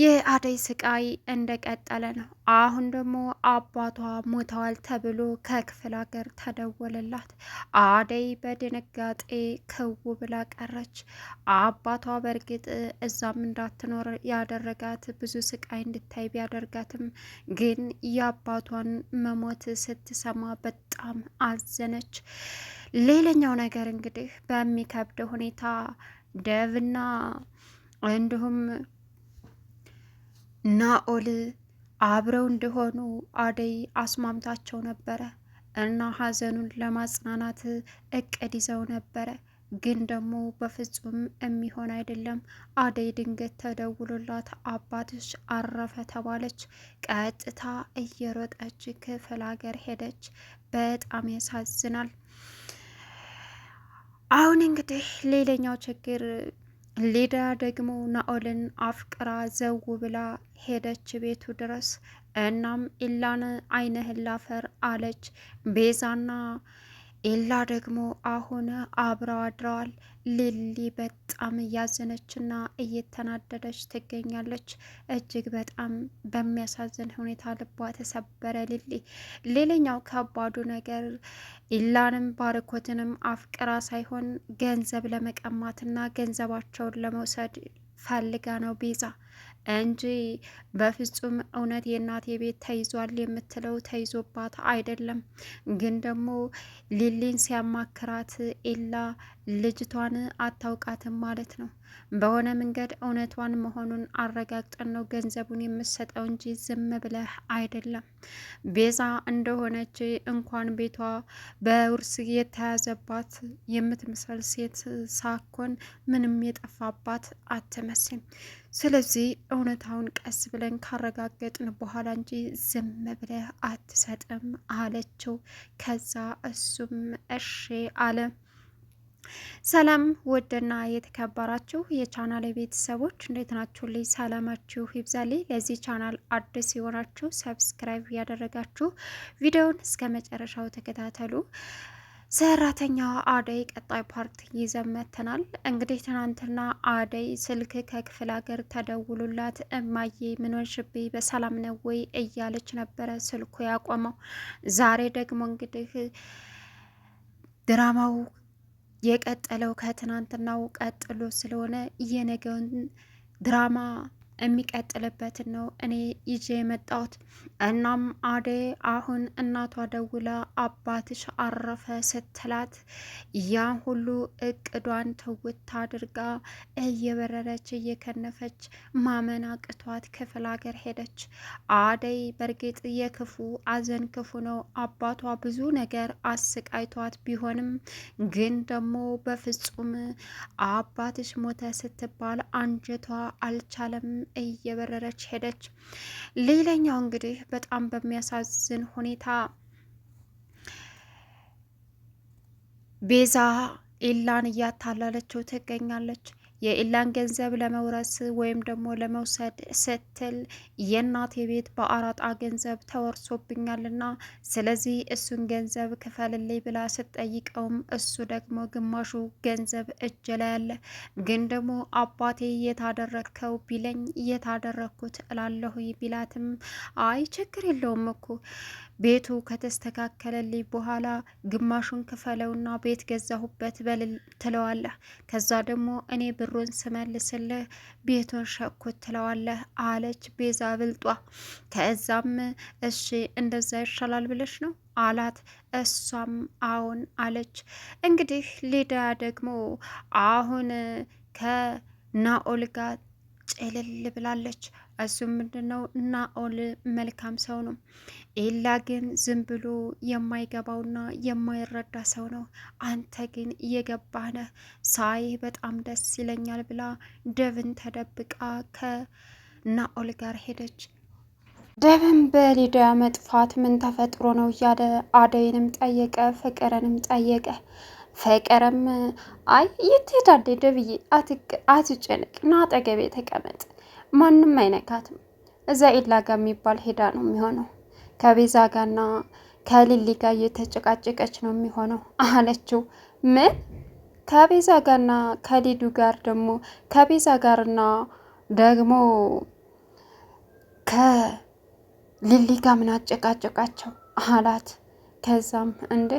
የአደይ ስቃይ እንደቀጠለ ነው። አሁን ደግሞ አባቷ ሞተዋል ተብሎ ከክፍለ ሀገር ተደወለላት። አደይ በድንጋጤ ክው ብላ ቀረች። አባቷ በእርግጥ እዛም እንዳትኖር ያደረጋት ብዙ ስቃይ እንድታይ ቢያደርጋትም ግን የአባቷን መሞት ስትሰማ በጣም አዘነች። ሌላኛው ነገር እንግዲህ በሚከብድ ሁኔታ ደብና እንዲሁም ናኦል አብረው እንደሆኑ አደይ አስማምታቸው ነበረ እና ሀዘኑን ለማጽናናት እቅድ ይዘው ነበረ። ግን ደግሞ በፍጹም የሚሆን አይደለም። አደይ ድንገት ተደውሎላት አባትሽ አረፈ ተባለች። ቀጥታ እየሮጠች ክፍለ ሀገር ሄደች። በጣም ያሳዝናል። አሁን እንግዲህ ሌላኛው ችግር ሊዳ ደግሞ ናኦልን አፍቅራ ዘው ብላ ሄደች ቤቱ ድረስ። እናም ኢላን አይንህን ላፈር አለች ቤዛና ኤላ ደግሞ አሁን አብረው አድረዋል። ሊሊ በጣም እያዘነችና እየተናደደች ትገኛለች። እጅግ በጣም በሚያሳዝን ሁኔታ ልቧ ተሰበረ። ሊሊ ሌላኛው ከባዱ ነገር ኢላንም ባርኮትንም አፍቅራ ሳይሆን ገንዘብ ለመቀማትና ገንዘባቸውን ለመውሰድ ፈልጋ ነው ቤዛ እንጂ በፍጹም እውነት የእናቴ ቤት ተይዟል የምትለው ተይዞባት አይደለም። ግን ደግሞ ሊሊን ሲያማክራት ኢላ ልጅቷን አታውቃትም ማለት ነው። በሆነ መንገድ እውነቷን መሆኑን አረጋግጠን ነው ገንዘቡን የምሰጠው እንጂ ዝም ብለህ አይደለም። ቤዛ እንደሆነች እንኳን ቤቷ በውርስ የተያዘባት የምትመስል ሴት ሳኮን ምንም የጠፋባት አትመስልም። ስለዚህ እውነታውን ቀስ ብለን ካረጋገጥን በኋላ እንጂ ዝም ብለህ አትሰጥም አለችው። ከዛ እሱም እሺ አለ። ሰላም ውድና የተከበራችሁ የቻናል ቤተሰቦች እንዴት ናችሁ? ልይ ሰላማችሁ ይብዛልኝ። ለዚህ ቻናል አዲስ የሆናችሁ ሰብስክራይብ ያደረጋችሁ ቪዲዮውን እስከ መጨረሻው ተከታተሉ። ሰራተኛዋ አደይ ቀጣይ ፓርት ይዘመተናል። እንግዲህ ትናንትና አደይ ስልክ ከክፍለ ሀገር ተደውሉላት እማዬ ምን ሆንሽብኝ በሰላም ነው ወይ እያለች ነበረ ስልኩ ያቆመው። ዛሬ ደግሞ እንግዲህ ድራማው የቀጠለው ከትናንትናው ቀጥሎ ስለሆነ የነገውን ድራማ የሚቀጥልበትን ነው እኔ ይዤ የመጣሁት። እናም አዴ አሁን እናቷ ደውላ አባትሽ አረፈ ስትላት ያ ሁሉ እቅዷን ትውት አድርጋ እየበረረች እየከነፈች ማመን አቅቷት ክፍል ሀገር ሄደች። አደይ በእርግጥ የክፉ አዘን ክፉ ነው። አባቷ ብዙ ነገር አስቃይቷት ቢሆንም ግን ደግሞ በፍጹም አባትሽ ሞተ ስትባል አንጀቷ አልቻለም። እየበረረች ሄደች። ሌላኛው እንግዲህ በጣም በሚያሳዝን ሁኔታ ቤዛ ኢላን እያታላለችው ትገኛለች። የኢላን ገንዘብ ለመውረስ ወይም ደግሞ ለመውሰድ ስትል የእናቴ ቤት በአራጣ ገንዘብ ተወርሶብኛልና ስለዚህ እሱን ገንዘብ ክፈልልኝ ብላ ስትጠይቀውም እሱ ደግሞ ግማሹ ገንዘብ እጅ ላይ ግን ደግሞ አባቴ የታደረግከው ቢለኝ የታደረግኩት እላለሁ ቢላትም አይ ችግር የለውም እኮ ቤቱ ከተስተካከለልኝ በኋላ ግማሹን ክፈለውና ቤት ገዛሁበት በል ትለዋለህ። ከዛ ደግሞ እኔ ብሩን ስመልስልህ ቤቱን ሸኩት ትለዋለህ አለች ቤዛ ብልጧ። ከዛም እሺ እንደዛ ይሻላል ብለሽ ነው አላት። እሷም አሁን አለች። እንግዲህ ሊዳ ደግሞ አሁን ከናኦል ጋር ጭልል ብላለች። እሱ ምንድን ነው ናኦል መልካም ሰው ነው። ኤላ ግን ዝም ብሎ የማይገባውና የማይረዳ ሰው ነው። አንተ ግን እየገባህ ነህ። ሳይህ በጣም ደስ ይለኛል ብላ ደብን ተደብቃ ከናኦል ጋር ሄደች። ደብን በሊዲያ መጥፋት ምን ተፈጥሮ ነው እያለ አደይንም ጠየቀ፣ ፍቅርንም ጠየቀ። ፍቅርም አይ የት ሄዳለች ደብዬ አትጨነቅ፣ ና አጠገቤ ተቀመጥ፣ ማንም አይነካትም። እዛ ኢላ ጋር የሚባል ሄዳ ነው የሚሆነው ከቤዛ ጋርና ከሊሊ ጋር እየተጨቃጨቀች ነው የሚሆነው አለችው። ምን ከቤዛ ጋርና ከሊዱ ጋር ደግሞ ከቤዛ ጋርና ደግሞ ከሊሊ ጋር ምን አጨቃጨቃቸው አላት። ከዛም እንዴ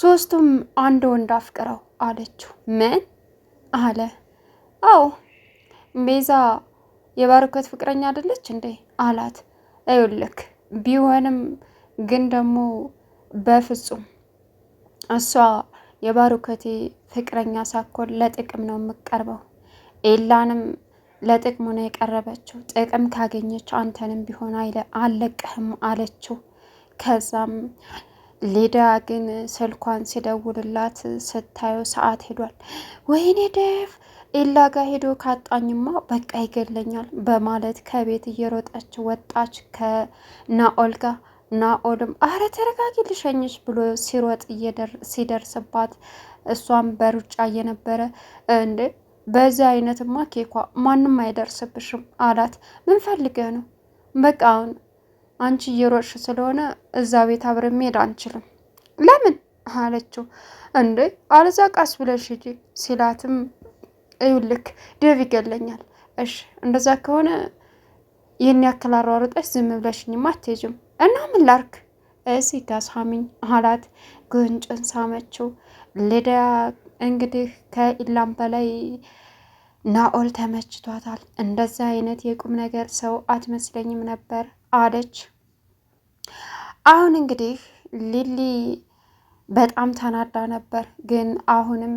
ሶስቱም አንድ ወንድ አፍቅረው አለችው። ምን አለ? አዎ ቤዛ የባርኮት ፍቅረኛ አይደለች እንዴ አላት። ይኸውልህ ቢሆንም ግን ደግሞ በፍጹም እሷ የባርኮቴ ፍቅረኛ ሳኮን ለጥቅም ነው የምቀርበው። ኤላንም ለጥቅሙ ነው የቀረበችው። ጥቅም ካገኘች አንተንም ቢሆን አለቅህም አለችው። ከዛም ሊዳ ግን ስልኳን ሲደውልላት ስታየው ሰዓት ሄዷል። ወይኔ ደፍ ኤላ ጋር ሄዶ ካጣኝማ በቃ ይገለኛል በማለት ከቤት እየሮጠች ወጣች ከናኦል ጋር። ናኦልም አረ ተረጋጊ ልሸኝሽ ብሎ ሲሮጥ ሲደርስባት እሷም በሩጫ እየነበረ እንዴ በዚህ አይነትማ ኬኳ ማንም አይደርስብሽም አላት። ምን ፈልገ ነው? በቃ አሁን አንቺ እየሮጥሽ ስለሆነ እዛ ቤት አብረን መሄድ አንችልም። ለምን አለችው። እንዴ አልዛቃስ ቃስ ብለሽ ሂጂ ሲላትም እዩልክ ደብ ይገለኛል። እሺ እንደዛ ከሆነ ይህን ያክል አሯሩጠሽ ዝም ብለሽኝማ አትሄጂም። እና ምን ላርክ እዚህ ጋ አላት። ጉንጭን ሳመችው። ሊዲያ እንግዲህ ከኢላም በላይ ናኦል ተመችቷታል። እንደዚህ አይነት የቁም ነገር ሰው አትመስለኝም ነበር አለች። አሁን እንግዲህ ሊሊ በጣም ተናዳ ነበር። ግን አሁንም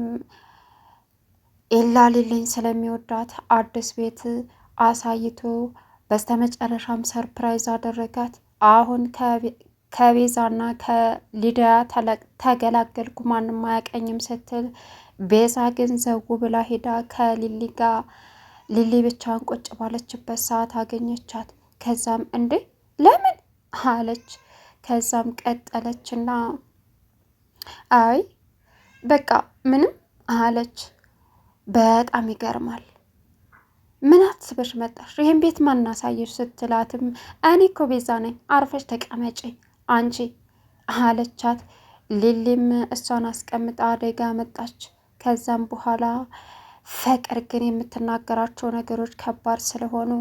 ኤላ ሊሊን ስለሚወዳት አዲስ ቤት አሳይቶ በስተመጨረሻም ሰርፕራይዝ አደረጋት። አሁን ከቤዛና ከሊዲያ ተገላገልኩ ማንም አያቀኝም ስትል ቤዛ ግን ዘው ብላ ሄዳ ከሊሊ ጋር ሊሊ ብቻን ቁጭ ባለችበት ሰዓት አገኘቻት። ከዛም እንዴ ለምን አለች። ከዛም ቀጠለችና አይ በቃ ምንም አለች። በጣም ይገርማል። ምን አስበሽ መጣሽ? ይህን ቤት ማናሳየሽ? ስትላትም እኔ እኮ ቤዛ ነኝ፣ አርፈሽ ተቀመጪ አንቺ አለቻት። ሊሊም እሷን አስቀምጣ አደጋ መጣች። ከዛም በኋላ ፍቅር ግን የምትናገራቸው ነገሮች ከባድ ስለሆኑ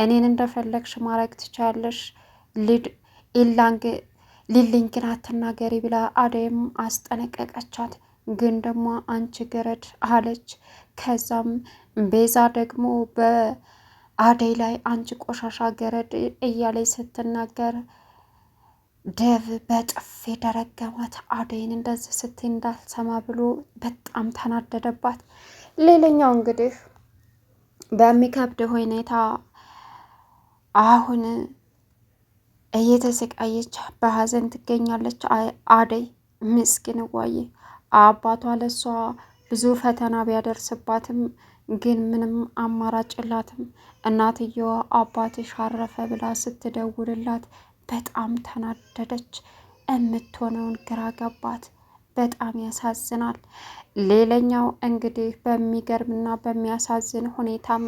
እኔን እንደፈለግሽ ማድረግ ትቻለሽ፣ ኢላንግ ሊሊን ግን አትናገሪ ብላ አደይም አስጠነቀቀቻት። ግን ደግሞ አንቺ ገረድ አለች። ከዛም ቤዛ ደግሞ በአደይ ላይ አንቺ ቆሻሻ ገረድ እያለች ስትናገር ደብ በጥፍ ደረገማት። አደይን እንደዚህ ስትይ እንዳልሰማ ብሎ በጣም ተናደደባት። ሌላኛው እንግዲህ በሚከብድ ሁኔታ አሁን እየተሰቃየች በሀዘን ትገኛለች። አደይ ምስኪን ዋዬ አባቷ ለሷ ብዙ ፈተና ቢያደርስባትም ግን ምንም አማራጭ የላትም። እናትየዋ አባትሽ አረፈ ብላ ስትደውልላት በጣም ተናደደች። የምትሆነውን ግራ ገባት። በጣም ያሳዝናል። ሌላኛው እንግዲህ በሚገርምና በሚያሳዝን ሁኔታም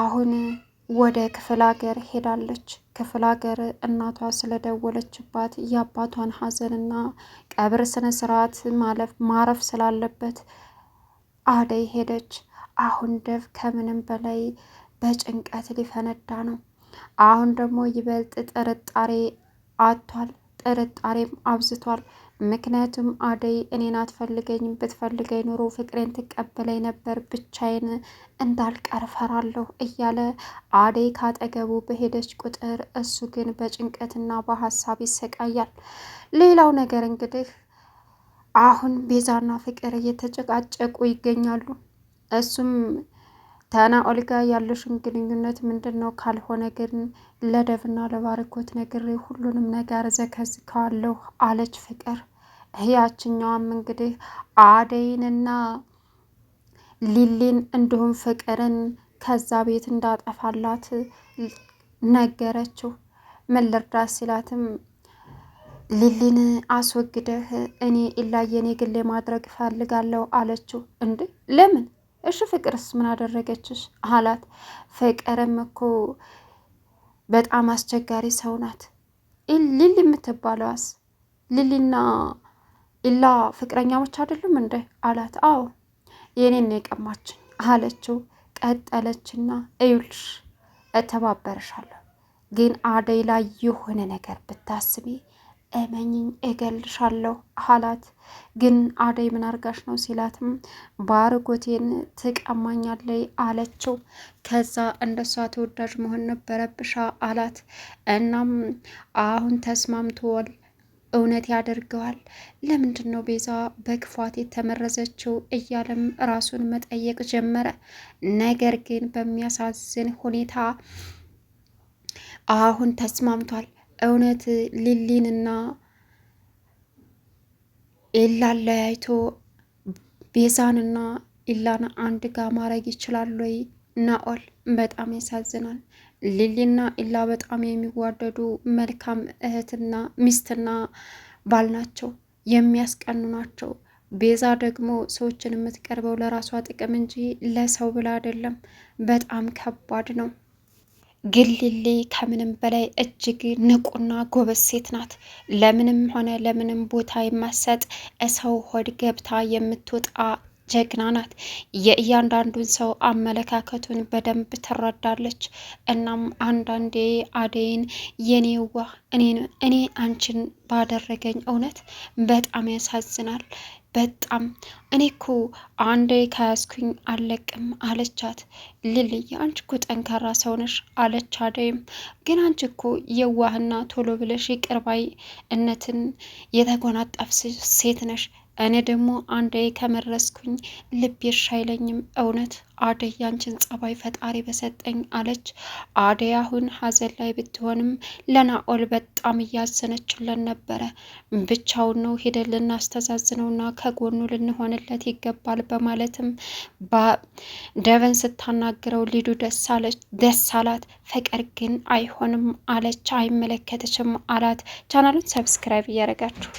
አሁን ወደ ክፍለ ሀገር ሄዳለች። ክፍለ ሀገር እናቷ ስለደወለችባት የአባቷን ሀዘንና ቀብር ስነ ስርዓት ማለፍ ማረፍ ስላለበት አደይ ሄደች። አሁን ደብ ከምንም በላይ በጭንቀት ሊፈነዳ ነው። አሁን ደግሞ ይበልጥ ጥርጣሬ አቷል። ጥርጣሬም አብዝቷል። ምክንያቱም አደይ እኔን አትፈልገኝ፣ ብትፈልገኝ ኑሮ ፍቅሬን ትቀበለኝ ነበር፣ ብቻዬን እንዳልቀር ፈራለሁ እያለ አደይ ካጠገቡ በሄደች ቁጥር እሱ ግን በጭንቀትና በሀሳብ ይሰቃያል። ሌላው ነገር እንግዲህ አሁን ቤዛና ፍቅር እየተጨቃጨቁ ይገኛሉ። እሱም ተና ኦልጋ ያለሽን ግንኙነት ምንድን ነው? ካልሆነ ግን ለደብና ለባርኮት ነግሬ ሁሉንም ነገር ዘከዝከዋለሁ አለች ፍቅር ያችኛዋም እንግዲህ አደይንና ሊሊን እንዲሁም ፍቅርን ከዛ ቤት እንዳጠፋላት ነገረችው። ምን ልርዳት ሲላትም ሊሊን አስወግደህ እኔ ኢላየኔ ግሌ ማድረግ እፈልጋለሁ አለችው። እንዴ ለምን? እሺ ፍቅርስ ምን አደረገችሽ አላት። ፍቅርም እኮ በጣም አስቸጋሪ ሰው ናት ሊሊ የምትባለዋስ ሊሊና ኢላ ፍቅረኛሞች አይደሉም እንዴ አላት። አዎ የኔን ነው የቀማችን አለችው። ቀጠለችና እዩልሽ እተባበረሻለሁ፣ ግን አደይ ላይ የሆነ ነገር ብታስቢ እመኝኝ እገልሻለሁ አላት። ግን አደይ ምን አርጋሽ ነው ሲላትም ባርጎቴን ትቀማኛለይ አለችው። ከዛ እንደሷ ተወዳጅ መሆን ነበረብሻ አላት። እናም አሁን ተስማምተዋል እውነት ያደርገዋል። ለምንድን ነው ቤዛ በክፋት የተመረዘችው እያለም ራሱን መጠየቅ ጀመረ። ነገር ግን በሚያሳዝን ሁኔታ አሁን ተስማምቷል። እውነት ሊሊንና ኢላን ለያይቶ ቤዛንና ኢላን አንድ ጋር ማድረግ ይችላል ወይ? ናኦል በጣም ያሳዝናል። ሊሊና ኢላ በጣም የሚዋደዱ መልካም እህትና ሚስትና ባል ናቸው፣ የሚያስቀኑ ናቸው። ቤዛ ደግሞ ሰዎችን የምትቀርበው ለራሷ ጥቅም እንጂ ለሰው ብላ አይደለም። በጣም ከባድ ነው። ግን ሊሊ ከምንም በላይ እጅግ ንቁና ጎበዝ ሴት ናት። ለምንም ሆነ ለምንም ቦታ የማሰጥ እሰው ሆድ ገብታ የምትወጣ ጀግና ናት። የእያንዳንዱን ሰው አመለካከቱን በደንብ ትረዳለች። እናም አንዳንዴ አደይን የኔዋ እኔ አንቺን ባደረገኝ እውነት በጣም ያሳዝናል። በጣም እኔ እኮ አንዴ ከያዝኩኝ አለቅም አለቻት። ልል አንቺ እኮ ጠንካራ ሰው ነሽ አለች። አደይም ግን አንቺ እኮ የዋህና ቶሎ ብለሽ ይቅር ባይነትን የተጎናጣፍ ሴት ነሽ እኔ ደግሞ አንዴ ከመረስኩኝ ልብ ይርሻ አይለኝም። እውነት አደይ ያንቺን ጸባይ ፈጣሪ በሰጠኝ አለች። አደይ አሁን ሀዘን ላይ ብትሆንም ለናኦል በጣም እያዘነችለን ነበረ። ብቻውን ነው ሄደን ልናስተዛዝነውና ከጎኑ ልንሆንለት ይገባል በማለትም ደበን ስታናግረው ሊዱ ደስ አላት። ፍቅር ግን አይሆንም አለች። አይመለከተችም አላት። ቻናሉን ሰብስክራይብ እያደረጋችሁ